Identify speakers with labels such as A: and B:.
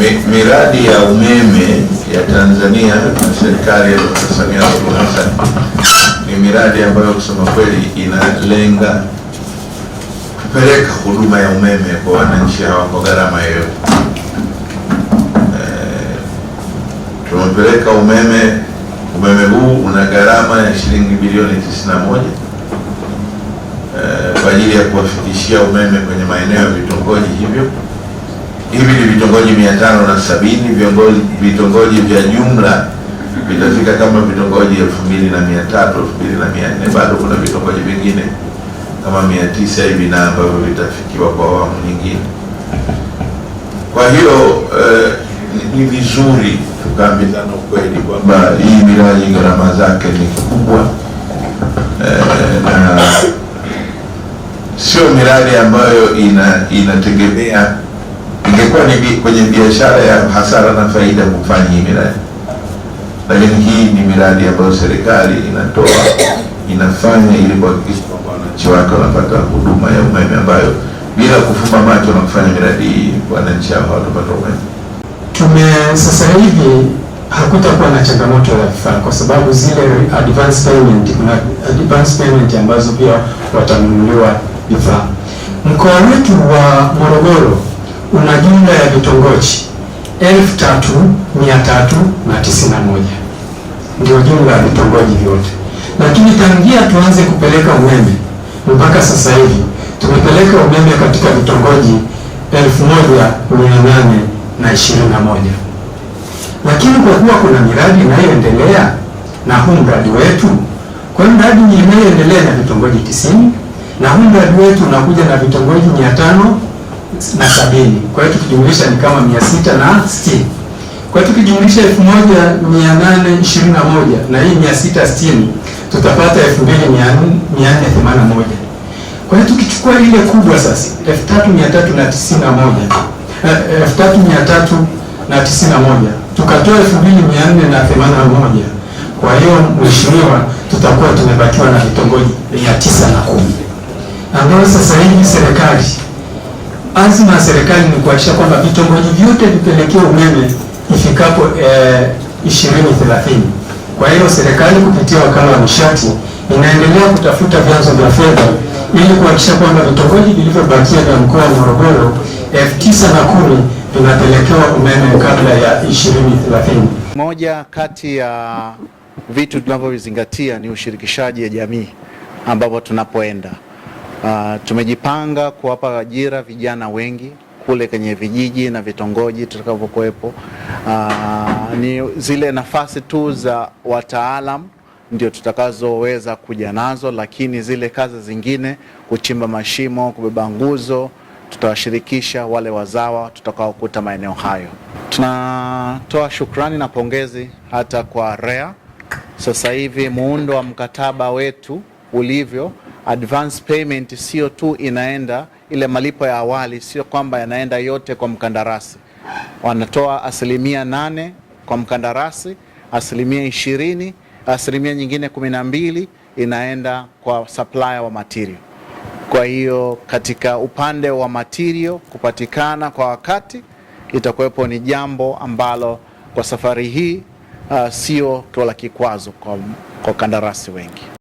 A: miradi ya umeme ya Tanzania na serikali ya Dkt. Samia Suluhu Hassan ni miradi ambayo kusema kweli inalenga kupeleka huduma ya umeme kwa wananchi hawa kwa gharama yoyote. Eh, tumepeleka umeme, umeme huu una gharama ya shilingi bilioni 91 eh, kwa ajili ya kuwafikishia umeme kwenye maeneo ya vitongoji hivyo vitongoji mia tano na sabini vitongoji vya jumla vitafika kama vitongoji elfu mbili na mia tatu elfu mbili na mia nne Bado kuna vitongoji vingine kama mia tisa hivi na ambavyo vitafikiwa kwa awamu nyingine. Kwa hiyo eh, ni vizuri tukaambizana ukweli kwamba hii miradi gharama zake ni kubwa eh, na sio miradi ambayo ina, inategemea ingekuwa ni kwenye biashara ya hasara na faida kufanya hii miradi, lakini hii ni miradi ambayo serikali inatoa inafanya ili kuhakikisha kwamba wananchi wake wanapata huduma ya umeme ambayo bila kufumba macho na kufanya miradi hii wananchi hao hawatapata umeme.
B: Tume sasa hivi hakutakuwa na changamoto ya vifaa kwa sababu zile advance payment, kuna advance payment ambazo pia watanunuliwa vifaa. Mkoa wetu wa Morogoro una jumla ya vitongoji 3391 ndio jumla ya vitongoji vyote, lakini tangia tuanze kupeleka umeme mpaka sasa hivi tumepeleka umeme katika vitongoji 1821 lakini kwa kuwa kuna miradi inayoendelea na huu mradi wetu, kwa hiyo mradi inayoendelea na vitongoji 90 na huu mradi wetu unakuja na vitongoji mia tano na sabini. Kwa hiyo tukijumlisha ni kama mia sita na sitini. Kwa hiyo tukijumlisha elfu moja mia nane ishirini na moja na hii mia sita sitini tutapata elfu mbili mia nne themanini na moja. Kwa hiyo tukichukua ile kubwa sasa elfu tatu mia tatu na tisini na moja eh, elfu tatu mia tatu na tisini na moja tukatoa elfu mbili mia nne na themanini na moja Kwa hiyo mheshimiwa, tutakuwa tumebakiwa na vitongoji mia tisa na kumi ambayo sasa hivi serikali azma ya serikali ni kuhakikisha kwamba vitongoji vyote vipelekee umeme ifikapo eh, ishirini thelathini. Kwa hiyo serikali kupitia wakala wa nishati inaendelea kutafuta vyanzo vya fedha ili kuhakikisha kwamba vitongoji vilivyobakia vya mkoa wa Morogoro elfu tisa na kumi vinapelekewa umeme kabla ya ishirini thelathini.
C: Moja kati ya vitu tunavyovizingatia ni ushirikishaji wa jamii ambapo tunapoenda Uh, tumejipanga kuwapa ajira vijana wengi kule kwenye vijiji na vitongoji tutakavyokuwepo. Uh, ni zile nafasi tu za wataalam ndio tutakazoweza kuja nazo, lakini zile kazi zingine, kuchimba mashimo, kubeba nguzo, tutawashirikisha wale wazawa tutakaokuta maeneo hayo. Tunatoa shukrani na pongezi hata kwa REA. Sasa hivi muundo wa mkataba wetu ulivyo advance payment sio tu inaenda ile malipo ya awali, sio kwamba yanaenda yote kwa mkandarasi. Wanatoa asilimia nane kwa mkandarasi, asilimia ishirini, asilimia nyingine kumi na mbili inaenda kwa supplier wa material. Kwa hiyo katika upande wa material kupatikana kwa wakati itakuwepo ni jambo ambalo kwa safari hii uh, sio la kikwazo kwa, kwa kandarasi wengi.